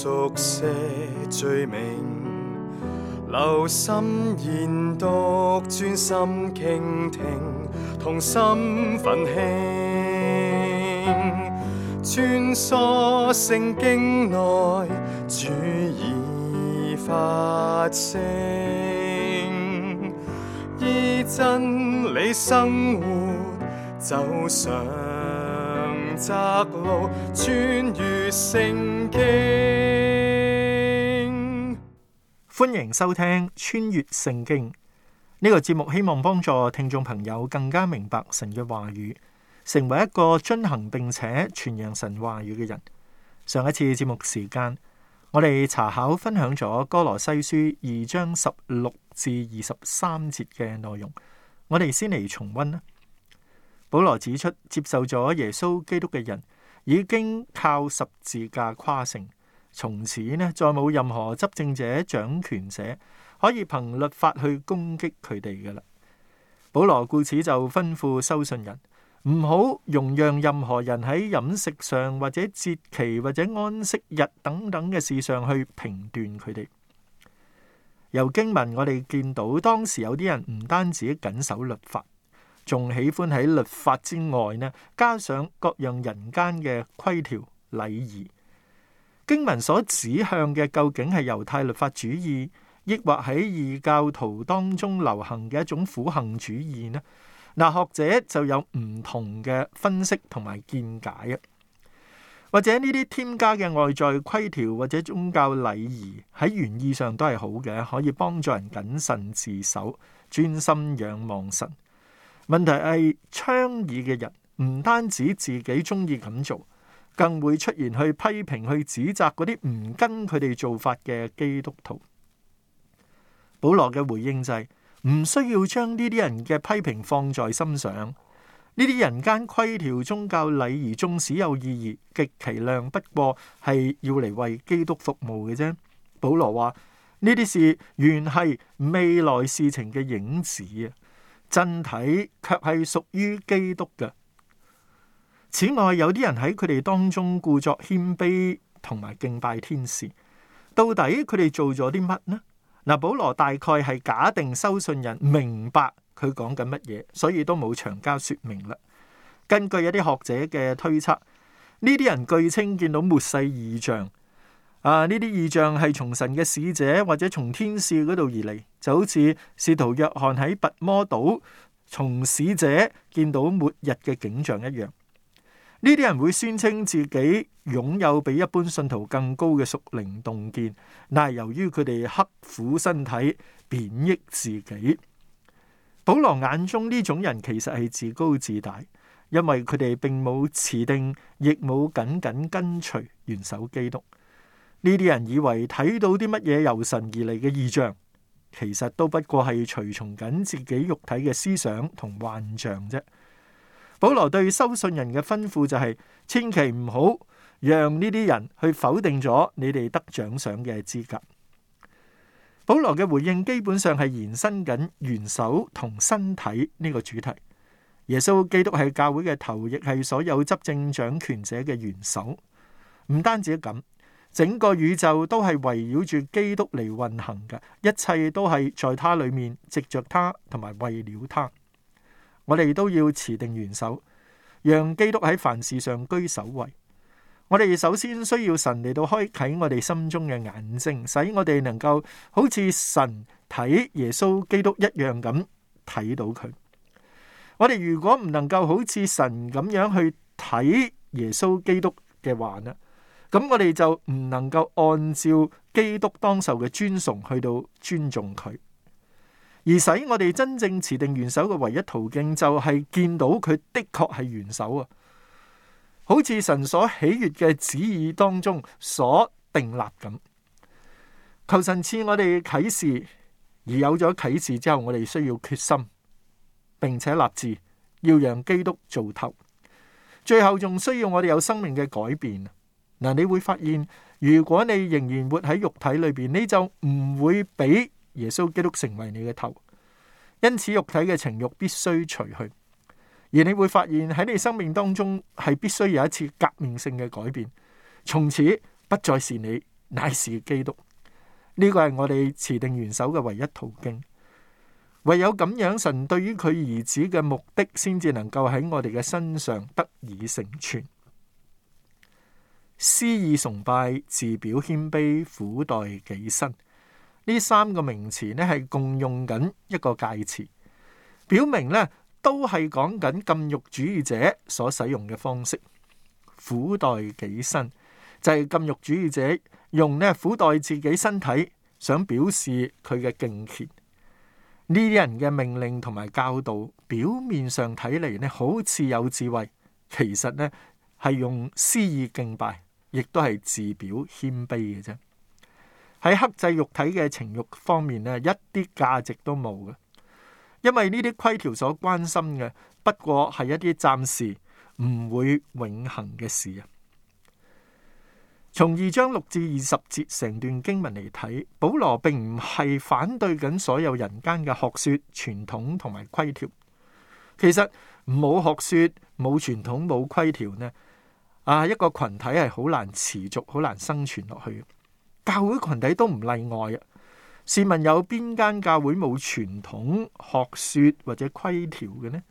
熟悉罪名，留心研讀，專心傾聽，同心憤興奮興。穿梭聖經內，主已發聲，依真理生活，走上窄路，尊如聖經，穿越聖經。歡迎收聽穿越聖經呢個節目，希望幫助聽眾朋友更加明白神嘅話語，成為一個遵行並且傳揚神話語嘅人。上一次節目時間，我哋查考分享咗哥羅西書二章十六至二十三節嘅內容，我哋先嚟重温啦。保羅指出，接受咗耶穌基督嘅人已經靠十字架誇勝。從此呢，再冇任何執政者、掌權者可以憑律法去攻擊佢哋嘅啦。保羅故此就吩咐收信人，唔好容讓任何人喺飲食上或者節期或者安息日等等嘅事上去評斷佢哋。由經文我哋見到，當時有啲人唔單止緊守律法，仲喜歡喺律法之外呢，加上各樣人間嘅規條、禮儀。經文所指向嘅究竟係猶太律法主義，抑或喺異教徒當中流行嘅一種苦行主義呢？嗱，學者就有唔同嘅分析同埋見解啊。或者呢啲添加嘅外在規條或者宗教禮儀喺原意上都係好嘅，可以幫助人謹慎自守、專心仰望神。問題係倡議嘅人唔單止自己中意咁做，更會出現去批評、去指責嗰啲唔跟佢哋做法嘅基督徒。保羅嘅回應就係、是、唔需要將呢啲人嘅批評放在心上。呢啲人間規條、宗教禮儀縱使有意義，極其量不過係要嚟為基督服務嘅啫。保羅話：呢啲事原係未來事情嘅影子啊，真體卻係屬於基督嘅。此外，有啲人喺佢哋當中故作謙卑，同埋敬拜天使。到底佢哋做咗啲乜呢？嗱，保羅大概係假定收信人明白佢講緊乜嘢，所以都冇長交說明啦。根據一啲學者嘅推測，呢啲人據稱見到末世異象啊，呢啲異象係從神嘅使者或者從天使嗰度而嚟，就好似使徒約翰喺拔摩島從使者見到末日嘅景象一樣。呢啲人會宣稱自己擁有比一般信徒更高嘅屬靈洞見，但係由於佢哋刻苦身體，貶抑自己。保羅眼中呢種人其實係自高自大，因為佢哋並冇持定，亦冇緊緊跟隨元首基督。呢啲人以為睇到啲乜嘢由神而嚟嘅異象，其實都不過係隨從緊自己肉體嘅思想同幻象啫。保羅對收信人嘅吩咐就係，千祈唔好讓呢啲人去否定咗你哋得獎賞嘅資格。保羅嘅回應基本上係延伸緊元首同身體呢個主題。耶穌基督係教會嘅頭，亦係所有執政掌權者嘅元首。唔單止咁，整個宇宙都係圍繞住基督嚟運行噶，一切都係在他裏面，藉着他同埋為了他。我哋都要持定元首，讓基督喺凡事上居首位。我哋首先需要神嚟到開啟我哋心中嘅眼睛，使我哋能夠好似神睇耶穌基督一樣咁睇到佢。我哋如果唔能夠好似神咁樣去睇耶穌基督嘅話啊，咁我哋就唔能夠按照基督當受嘅尊崇去到尊重佢。而使我哋真正持定元首嘅唯一途徑，就係見到佢的確係元首啊！好似神所喜悅嘅旨意當中所定立咁。求神賜我哋啟示，而有咗啟示之後，我哋需要決心，並且立志要讓基督做頭。最後仲需要我哋有生命嘅改變。嗱，你會發現，如果你仍然活喺肉體裏邊，你就唔會俾。耶穌基督成為你嘅頭，因此肉體嘅情慾必須除去，而你會發現喺你生命當中係必須有一次革命性嘅改變，從此不再是你，乃是基督。呢個係我哋持定元首嘅唯一途徑，唯有咁樣，神對於佢兒子嘅目的先至能夠喺我哋嘅身上得以成全。私意崇拜、自表謙卑、苦待己身。呢三個名詞呢，係共用緊一個介詞，表明呢都係講緊禁欲主義者所使用嘅方式。苦待己身就係、是、禁欲主義者用呢苦待自己身體，想表示佢嘅敬虔。呢啲人嘅命令同埋教導，表面上睇嚟呢好似有智慧，其實呢係用私意敬拜，亦都係自表謙卑嘅啫。喺克制肉體嘅情欲方面呢，一啲價值都冇嘅，因為呢啲規條所關心嘅，不過係一啲暫時唔會永恆嘅事啊。從二章六至二十節成段經文嚟睇，保羅並唔係反對緊所有人間嘅學說、傳統同埋規條。其實冇學說、冇傳統、冇規條呢，啊一個群體係好難持續、好難生存落去嘅。教會群體都唔例外啊！試問有邊間教會冇傳統學說或者規條嘅呢？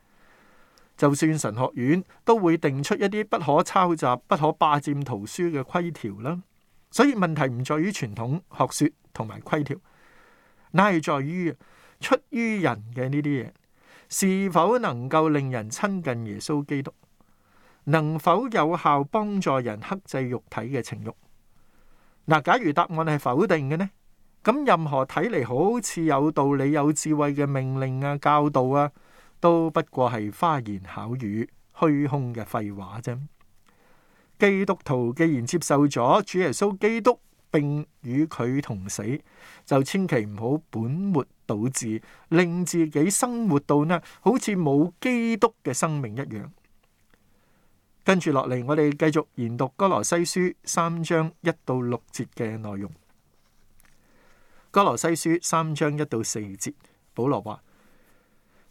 就算神學院都會定出一啲不可抄襲、不可霸占圖書嘅規條啦。所以問題唔在於傳統學說同埋規條，乃係在於出於人嘅呢啲嘢是否能夠令人親近耶穌基督，能否有效幫助人克制肉體嘅情慾。嗱，假如答案係否定嘅呢，咁任何睇嚟好似有道理、有智慧嘅命令啊、教導啊，都不過係花言巧語、虛空嘅廢話啫。基督徒既然接受咗主耶穌基督並與佢同死，就千祈唔好本末倒置，令自己生活到呢好似冇基督嘅生命一樣。跟住落嚟，我哋繼續研讀《歌羅西書》三章一到六節嘅內容。《歌羅西書》三章一到四節，保羅話：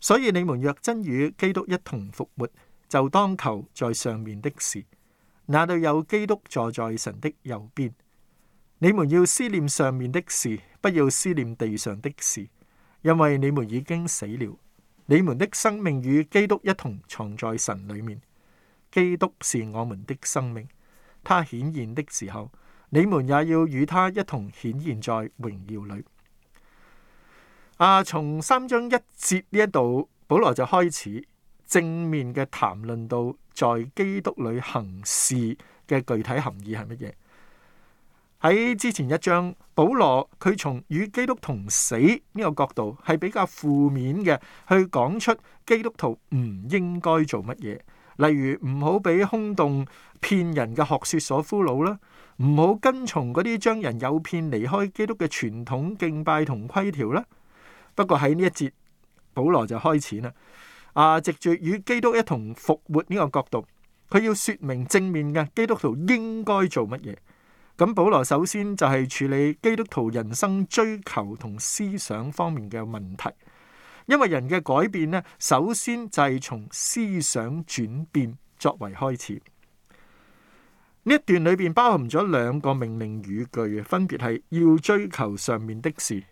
所以你們若真與基督一同復活，就當求在上面的事。那裏有基督坐在神的右邊，你們要思念上面的事，不要思念地上的事，因為你們已經死了，你們的生命與基督一同藏在神裏面。基督是我們的生命，他顯現的時候，你們也要與他一同顯現在榮耀裏。啊，從三章一節呢一度，保羅就開始正面嘅談論到在基督裏行事嘅具體含義係乜嘢。喺之前一章，保羅佢從與基督同死呢個角度係比較負面嘅，去講出基督徒唔應該做乜嘢。例如唔好俾空洞騙人嘅學說所俘虜啦，唔好跟從嗰啲將人誘騙離開基督嘅傳統敬拜同規條啦。不過喺呢一節，保羅就開始啦。啊，藉住與基督一同復活呢個角度，佢要說明正面嘅基督徒應該做乜嘢。咁保羅首先就係處理基督徒人生追求同思想方面嘅問題。因為人嘅改變咧，首先就係從思想轉變作為開始。呢一段裏邊包含咗兩個命令語句，分別係要追求上面的事，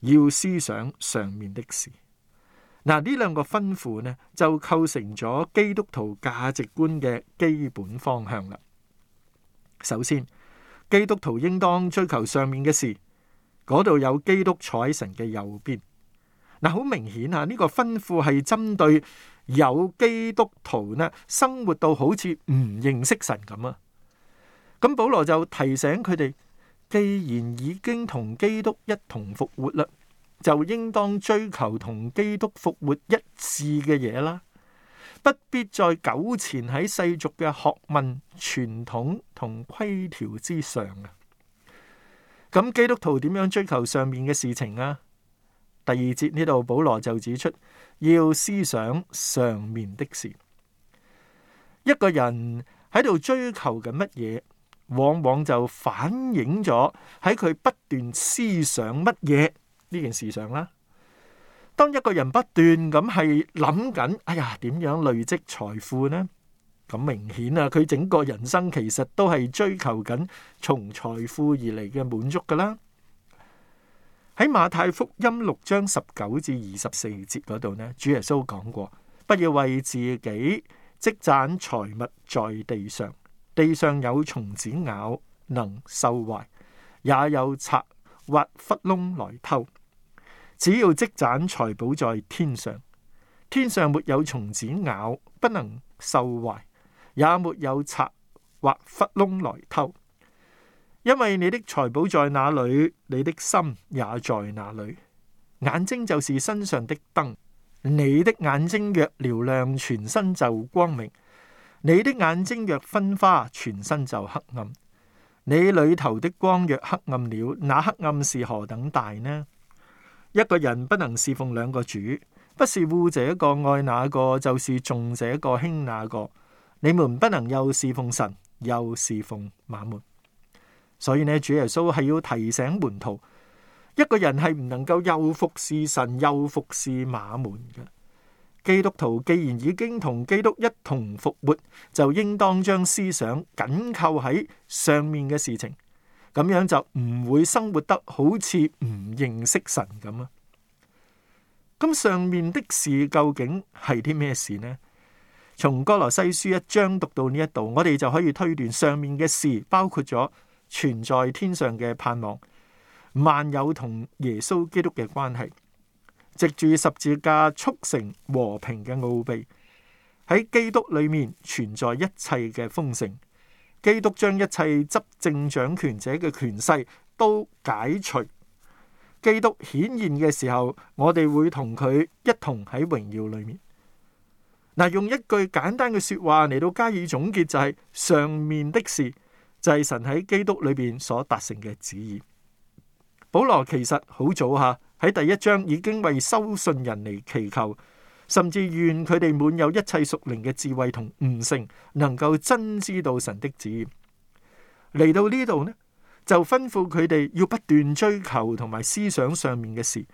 要思想上面的事。嗱，呢兩個吩咐呢，就構成咗基督徒價值觀嘅基本方向啦。首先，基督徒應當追求上面嘅事，嗰度有基督坐喺神嘅右邊。嗱，好明顯啊！呢個吩咐係針對有基督徒呢，生活到好似唔認識神咁啊。咁保羅就提醒佢哋，既然已經同基督一同復活啦，就應當追求同基督復活一致嘅嘢啦，不必再糾纏喺世俗嘅學問、傳統同規條之上啊。咁基督徒點樣追求上面嘅事情啊？第二節呢度，保羅就指出要思想上面的事。一個人喺度追求緊乜嘢，往往就反映咗喺佢不斷思想乜嘢呢件事上啦。當一個人不斷咁係諗緊，哎呀，點樣累積財富呢？咁明顯啊，佢整個人生其實都係追求緊從財富而嚟嘅滿足㗎啦。喺馬太福音六章十九至二十四節嗰度呢，主耶穌講過：不要為自己積攢財物在地上，地上有蟲子咬，能受壞；也有賊挖窟窿來偷。只要積攢財寶在天上，天上沒有蟲子咬，不能受壞，也沒有賊挖窟窿來偷。因為你的財寶在哪裡，你的心也在哪裡。眼睛就是身上的燈，你的眼睛若瞭亮，亮，全身就光明；你的眼睛若昏花，全身就黑暗。你裡頭的光若黑暗了，那黑暗是何等大呢？一個人不能侍奉兩個主，不是護這個愛那個，就是重這個輕那個。你們不能又侍奉神，又侍奉馬門。所以呢，主耶穌係要提醒門徒，一個人係唔能夠又服侍神，又服侍馬門嘅。基督徒既然已經同基督一同復活，就應當將思想緊扣喺上面嘅事情，咁樣就唔會生活得好似唔認識神咁啊。咁上面的事究竟係啲咩事呢？從歌羅西書一章讀到呢一度，我哋就可以推斷上面嘅事包括咗。存在天上嘅盼望，萬有同耶穌基督嘅關係，藉住十字架促成和平嘅奧秘，喺基督裏面存在一切嘅豐盛。基督將一切執政掌權者嘅權勢都解除。基督顯現嘅時候，我哋會同佢一同喺榮耀裏面。嗱，用一句簡單嘅說話嚟到加以總結，就是，就係上面的事。就係神喺基督裏邊所達成嘅旨意。保羅其實好早吓，喺第一章已經為收信人嚟祈求，甚至願佢哋滿有一切屬靈嘅智慧同悟性，能夠真知道神的旨意。嚟到呢度呢，就吩咐佢哋要不斷追求同埋思想上面嘅事。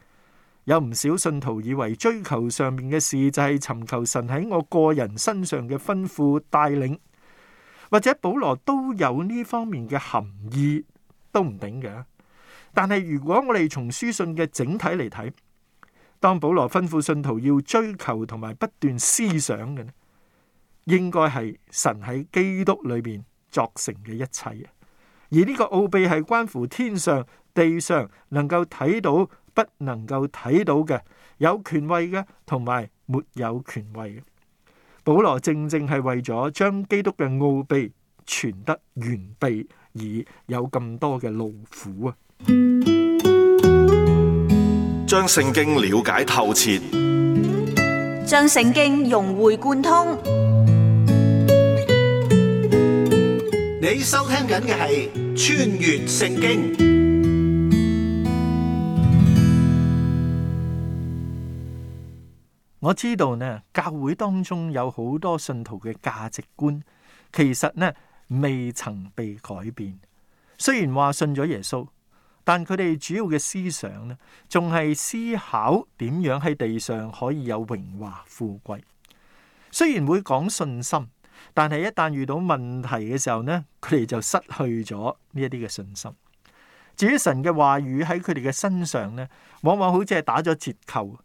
有唔少信徒以為追求上面嘅事就係尋求神喺我個人身上嘅吩咐帶領。或者保羅都有呢方面嘅含意都唔定嘅，但係如果我哋從書信嘅整體嚟睇，當保羅吩咐信徒要追求同埋不斷思想嘅咧，應該係神喺基督裏邊作成嘅一切。而呢個奧秘係關乎天上地上能夠睇到不能夠睇到嘅，有權威嘅同埋沒有權威嘅。保羅正正係為咗將基督嘅奧秘傳得完備，而有咁多嘅勞苦啊！將聖經了解透徹，將聖經融會貫通。貫通，你收聽緊嘅係《穿越聖經》。我知道呢教會當中有好多信徒嘅價值觀，其實呢未曾被改變。雖然話信咗耶穌，但佢哋主要嘅思想呢，仲係思考點樣喺地上可以有榮華富貴。雖然會講信心，但係一旦遇到問題嘅時候呢，佢哋就失去咗呢一啲嘅信心。至於神嘅話語喺佢哋嘅身上呢，往往好似係打咗折扣。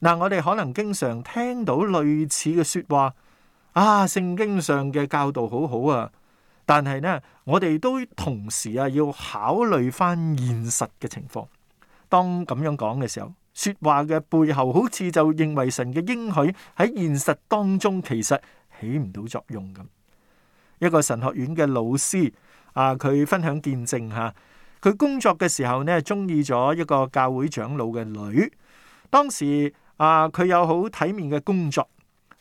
嗱、嗯，我哋可能經常聽到類似嘅說話，啊，聖經上嘅教導好好啊，但係呢，我哋都同時啊要考慮翻現實嘅情況。當咁樣講嘅時候，說話嘅背後好似就認為神嘅應許喺現實當中其實起唔到作用咁。一個神學院嘅老師啊，佢分享見證吓，佢、啊、工作嘅時候呢，中意咗一個教會長老嘅女，當時。啊！佢有好體面嘅工作，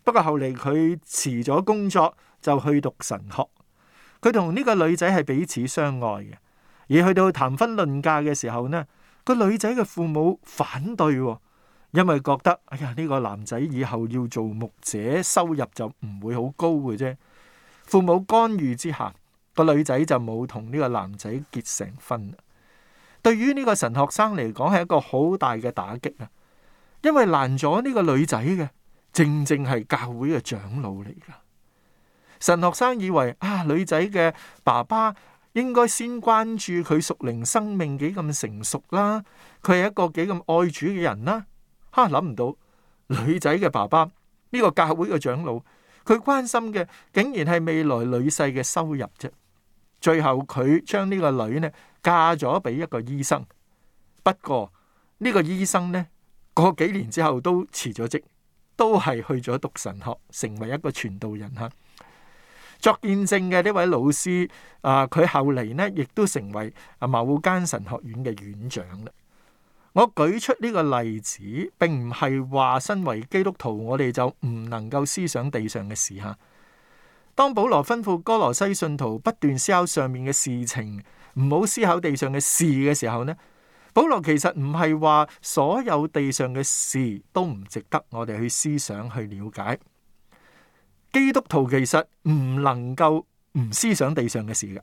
不過後嚟佢辭咗工作就去讀神學。佢同呢個女仔係彼此相愛嘅，而去到談婚論嫁嘅時候呢，呢個女仔嘅父母反對，哦，因為覺得哎呀呢個男仔以後要做牧者，收入就唔會好高嘅啫。父母干預之下，呢個女仔就冇同呢個男仔結成婚。對於呢個神學生嚟講，係一個好大嘅打擊啊！因為攔咗呢個女仔嘅，正正係教會嘅長老嚟㗎。神學生以為啊，女仔嘅爸爸應該先關注佢屬靈生命幾咁成熟啦，佢係一個幾咁愛主嘅人啦。吓，諗唔到女仔嘅爸爸呢個教會嘅長老，佢關心嘅竟然係未來女婿嘅收入啫。最後佢將呢個女呢嫁咗俾一個醫生，不過呢個醫生呢？過幾年之後都辭咗職，都係去咗讀神學，成為一個傳道人吓。作見證嘅呢位老師，啊，佢後嚟呢亦都成為啊某間神學院嘅院長啦。我舉出呢個例子，並唔係話身為基督徒，我哋就唔能夠思想地上嘅事吓。當保羅吩咐哥羅西信徒不斷思考上面嘅事情，唔好思考地上嘅事嘅時候呢，保羅其實唔係話所有地上嘅事都唔值得我哋去思想去了解。基督徒其實唔能夠唔思想地上嘅事嘅，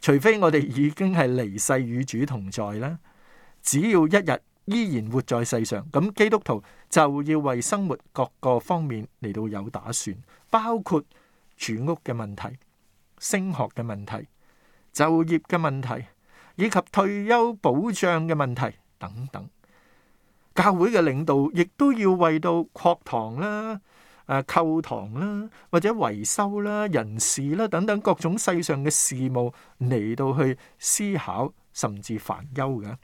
除非我哋已經係離世與主同在啦。只要一日依然活在世上，咁基督徒就要為生活各個方面嚟到有打算，包括住屋嘅問題、升學嘅問題、就業嘅問題。以及退休保障嘅問題等等，教會嘅領導亦都要為到擴堂啦、誒、呃、購堂啦、或者維修啦、人事啦等等各種世上嘅事務嚟到去思考，甚至煩憂嘅。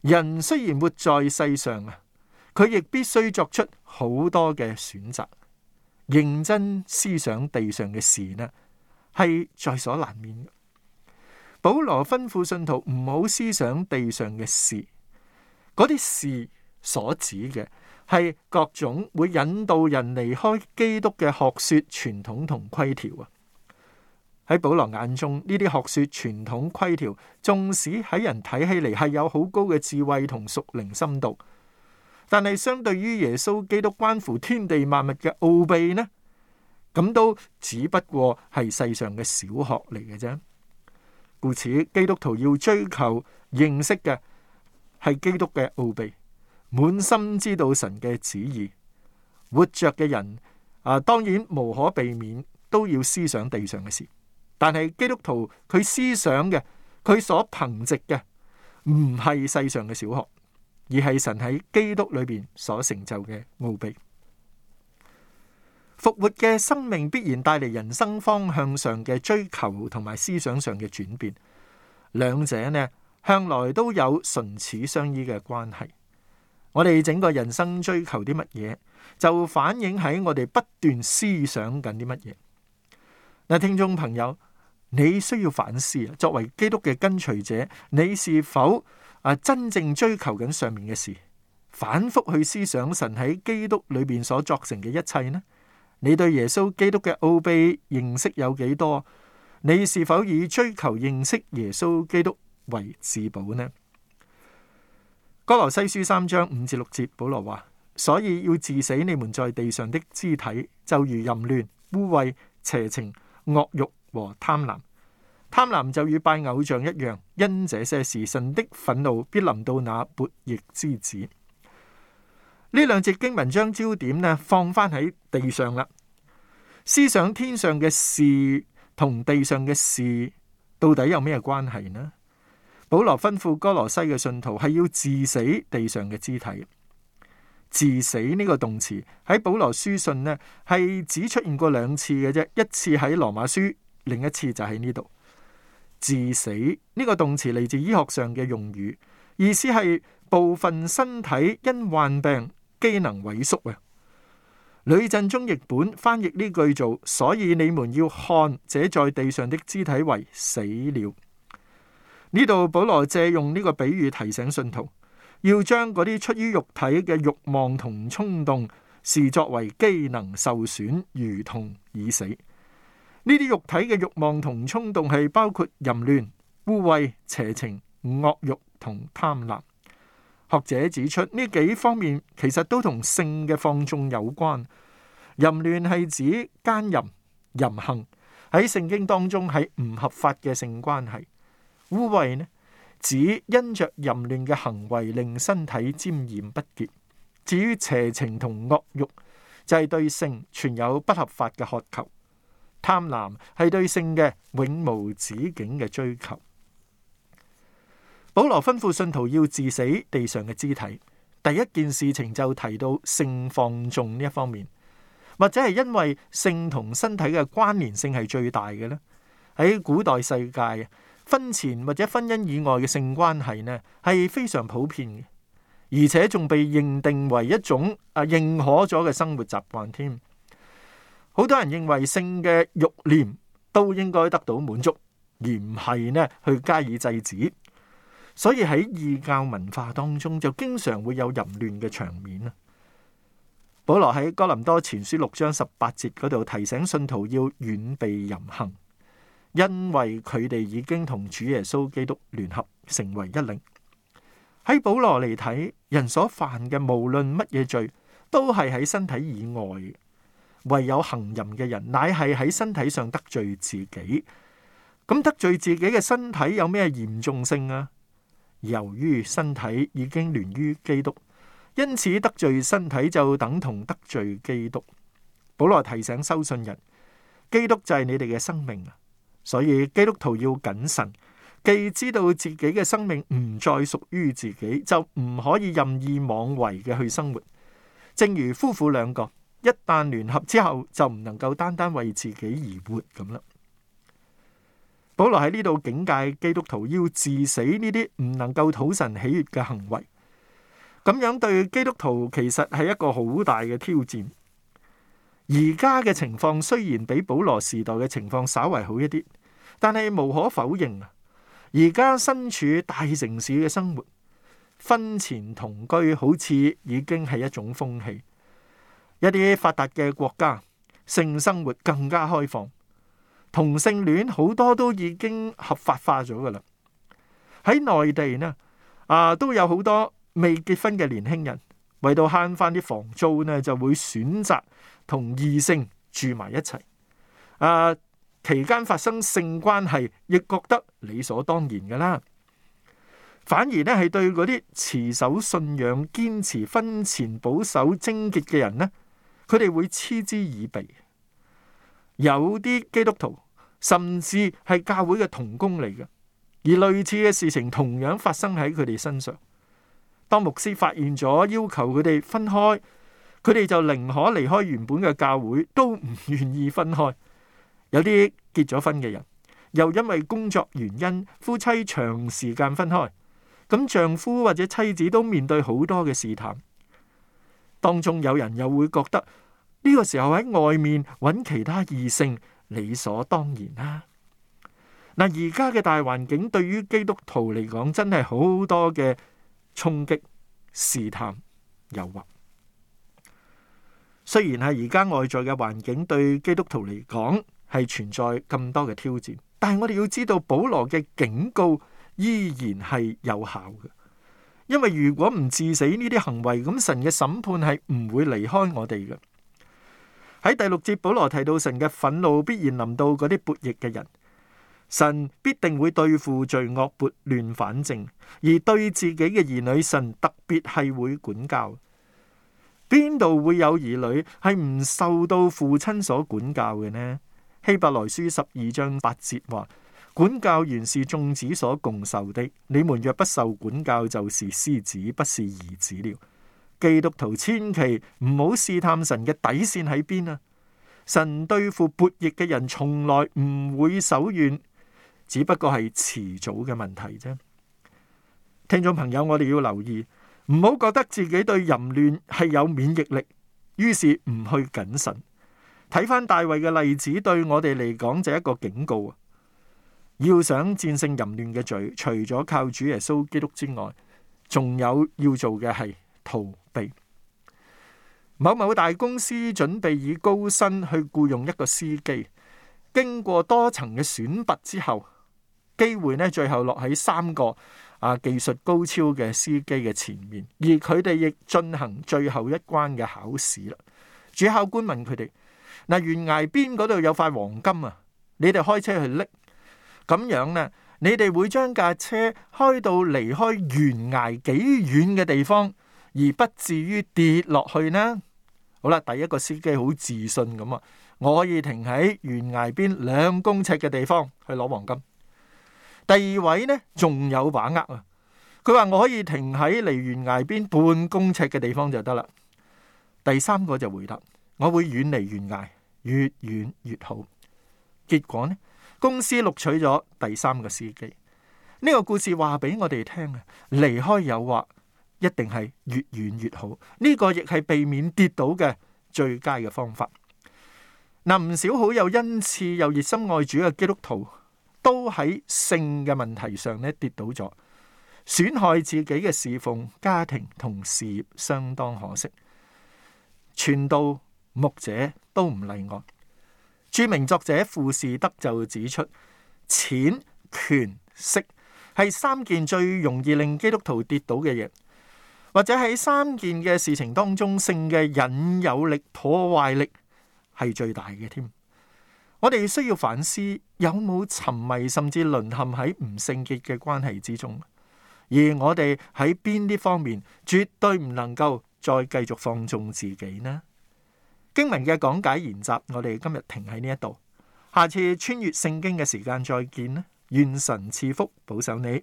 人雖然活在世上啊，佢亦必須作出好多嘅選擇，認真思想地上嘅事呢，係在所難免嘅。保羅吩咐信徒唔好思想地上嘅事，嗰啲事所指嘅係各種會引導人離開基督嘅學說、傳統同規條啊。喺保羅眼中，呢啲學說、傳統、規條，縱使喺人睇起嚟係有好高嘅智慧同屬靈深度，但係相對於耶穌基督關乎天地萬物嘅奧秘呢，咁都只不過係世上嘅小學嚟嘅啫。故此，基督徒要追求認識嘅係基督嘅奧秘，滿心知道神嘅旨意。活着嘅人啊，當然無可避免都要思想地上嘅事，但係基督徒佢思想嘅，佢所憑藉嘅唔係世上嘅小學，而係神喺基督裏邊所成就嘅奧秘。復活嘅生命必然帶嚟人生方向上嘅追求，同埋思想上嘅轉變。兩者呢向來都有唇齒相依嘅關係。我哋整個人生追求啲乜嘢，就反映喺我哋不斷思想緊啲乜嘢。嗱，聽眾朋友，你需要反思啊。作為基督嘅跟隨者，你是否啊真正追求緊上面嘅事？反覆去思想神喺基督裏邊所作成嘅一切呢？你對耶穌基督嘅奧秘認識有幾多？你是否以追求認識耶穌基督為自保呢？歌羅西書三章五至六節，保羅話：所以要致死你們在地上的肢體，就如淫亂、污穢、邪情、惡慾和貪婪。貪婪就與拜偶像一樣。因這些事，神的憤怒必臨到那悖逆之子。呢兩節經文將焦點呢放翻喺地上啦。思想天上嘅事同地上嘅事到底有咩關係呢？保羅吩咐哥羅西嘅信徒係要致死地上嘅肢體。致死呢個動詞喺保羅書信呢係只出現過兩次嘅啫，一次喺羅馬書，另一次就喺呢度。致死呢，這個動詞嚟自醫學上嘅用語，意思係部分身體因患病，機能萎縮啊。呂振中譯本翻譯呢句做，所以你們要看這在地上的肢體為死了。呢度保羅借用呢個比喻提醒信徒，要將嗰啲出於肉體嘅慾望同衝動視作為機能受損，如同已死。呢啲肉體嘅慾望同衝動係包括淫亂、污穢、邪情、惡慾同貪婪。學者指出，呢幾方面其實都同性嘅放縱有關。淫亂係指奸淫、淫行，喺聖經當中係唔合法嘅性關係。污穢呢指因着淫亂嘅行為令身體沾染不潔。至於邪情同惡欲，就係、是、對性存有不合法嘅渴求。貪婪係對性嘅永無止境嘅追求。保羅吩咐信徒要治死地上嘅肢體。第一件事情就提到性放縱呢一方面，或者係因為性同身體嘅關聯性係最大嘅咧。喺古代世界，婚前或者婚姻以外嘅性關係呢係非常普遍嘅，而且仲被認定為一種啊認可咗嘅生活習慣添。好多人認為性嘅欲念都應該得到滿足，而唔係呢去加以制止。所以喺異教文化當中，就經常會有淫亂嘅場面啦。保羅喺哥林多前書六章十八節嗰度提醒信徒要遠避淫行，因為佢哋已經同主耶穌基督聯合，成為一靈。喺保羅嚟睇，人所犯嘅無論乜嘢罪，都係喺身體以外；唯有行淫嘅人，乃係喺身體上得罪自己。咁得罪自己嘅身體有咩嚴重性啊？由於身體已經聯於基督，因此得罪身體就等同得罪基督。保羅提醒收信人：基督就係你哋嘅生命。所以基督徒要謹慎，既知道自己嘅生命唔再屬於自己，就唔可以任意妄為嘅去生活。正如夫婦兩個，一旦聯合之後，就唔能夠單單為自己而活咁啦。保羅喺呢度警戒基督徒要治死呢啲唔能夠討神喜悦嘅行為，咁樣對基督徒其實係一個好大嘅挑戰。而家嘅情況雖然比保羅時代嘅情況稍為好一啲，但係無可否認啊！而家身處大城市嘅生活，婚前同居好似已經係一種風氣，一啲發達嘅國家性生活更加開放。同性戀好多都已經合法化咗噶啦，喺內地呢啊都有好多未結婚嘅年輕人，為到慳翻啲房租呢，就會選擇同異性住埋一齊。啊，期間發生性關係，亦覺得理所當然噶啦。反而呢係對嗰啲持守信仰、堅持婚前保守貞潔嘅人呢，佢哋會嗤之以鼻。有啲基督徒甚至係教會嘅同工嚟嘅，而類似嘅事情同樣發生喺佢哋身上。當牧師發現咗，要求佢哋分開，佢哋就寧可離開原本嘅教會，都唔願意分開。有啲結咗婚嘅人，又因為工作原因，夫妻長時間分開，咁丈夫或者妻子都面對好多嘅試探。當中有人又會覺得。呢個時候喺外面揾其他異性，理所當然啦。嗱，而家嘅大環境對於基督徒嚟講，真係好多嘅衝擊、試探、誘惑。雖然係而家外在嘅環境對基督徒嚟講係存在咁多嘅挑戰，但係我哋要知道保羅嘅警告依然係有效嘅，因為如果唔致死呢啲行為，咁神嘅審判係唔會離開我哋嘅。喺第六節，保羅提到神嘅憤怒必然臨到嗰啲悖逆嘅人，神必定會對付罪惡、撥亂反正，而對自己嘅兒女，神特別係會管教。邊度會有兒女係唔受到父親所管教嘅呢？希伯來書十二章八節話：管教原是眾子所共受的，你們若不受管教，就是私子，不是兒子了。基督徒千祈唔好試探神嘅底線喺邊啊！神對付悖逆嘅人從來唔會手軟，只不過係遲早嘅問題啫。聽眾朋友，我哋要留意，唔好覺得自己對淫亂係有免疫力，於是唔去謹慎。睇翻大衛嘅例子，對我哋嚟講就係一個警告啊！要想戰勝淫亂嘅罪，除咗靠主耶穌基督之外，仲有要做嘅係逃。某某大公司準備以高薪去僱傭一個司機。經過多層嘅選拔之後，機會呢最後落喺三個啊技術高超嘅司機嘅前面。而佢哋亦進行最後一關嘅考試啦。主考官問佢哋：嗱，懸崖邊嗰度有塊黃金啊，你哋開車去拎咁樣呢？你哋會將架車開到離開懸崖幾遠嘅地方？而不至於跌落去呢？好啦，第一個司機好自信咁，啊，我可以停喺懸崖邊兩公尺嘅地方去攞黃金。第二位呢，仲有把握啊，佢話我可以停喺離懸崖邊半公尺嘅地方就得啦。第三個就回答：我會遠離懸崖，越遠越好。結果呢，公司錄取咗第三個司機。呢個故事話俾我哋聽啊，離開誘惑，一定係越遠越好，呢、這個亦係避免跌倒嘅最佳嘅方法。嗱、呃，唔少好有恩賜又熱心愛主嘅基督徒，都喺性嘅問題上咧跌倒咗，損害自己嘅侍奉、家庭同事業，相當可惜。傳道牧者都唔例外。著名作者傅士德就指出，錢、權、色係三件最容易令基督徒跌倒嘅嘢。或者喺三件嘅事情當中，性嘅引誘力、破壞力係最大嘅添。我哋需要反思，有冇沉迷甚至淪陷喺唔聖潔嘅關係之中？而我哋喺邊啲方面，絕對唔能夠再繼續放縱自己呢？經文嘅講解研習，我哋今日停喺呢一度，下次穿越聖經嘅時間再見啦。願神賜福，保守你。